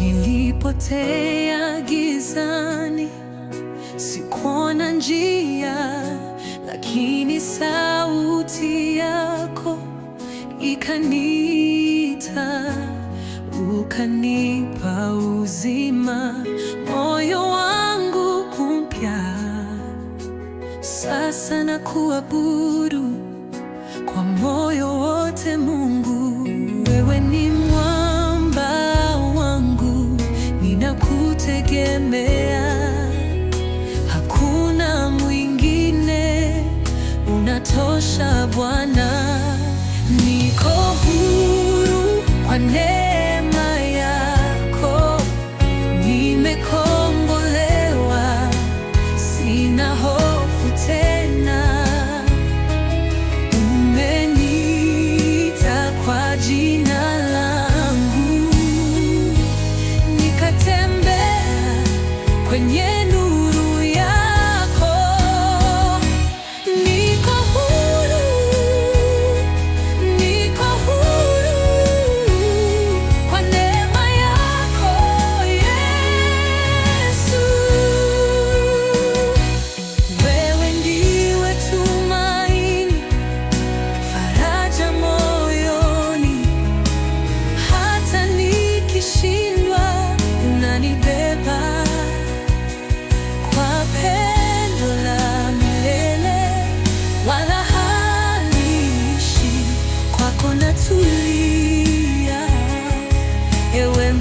Nilipotea gizani, sikuona njia, lakini sauti yako ikaniita ukanipa uzima, moyo wangu kumpya. Sasa nakuabudu kwa moyo wote, Mungu, wewe ni mwamba wangu, ninakutegemea. Hakuna mwingine, unatosha Bwana. when you wala haniishi kwako, natulia ewe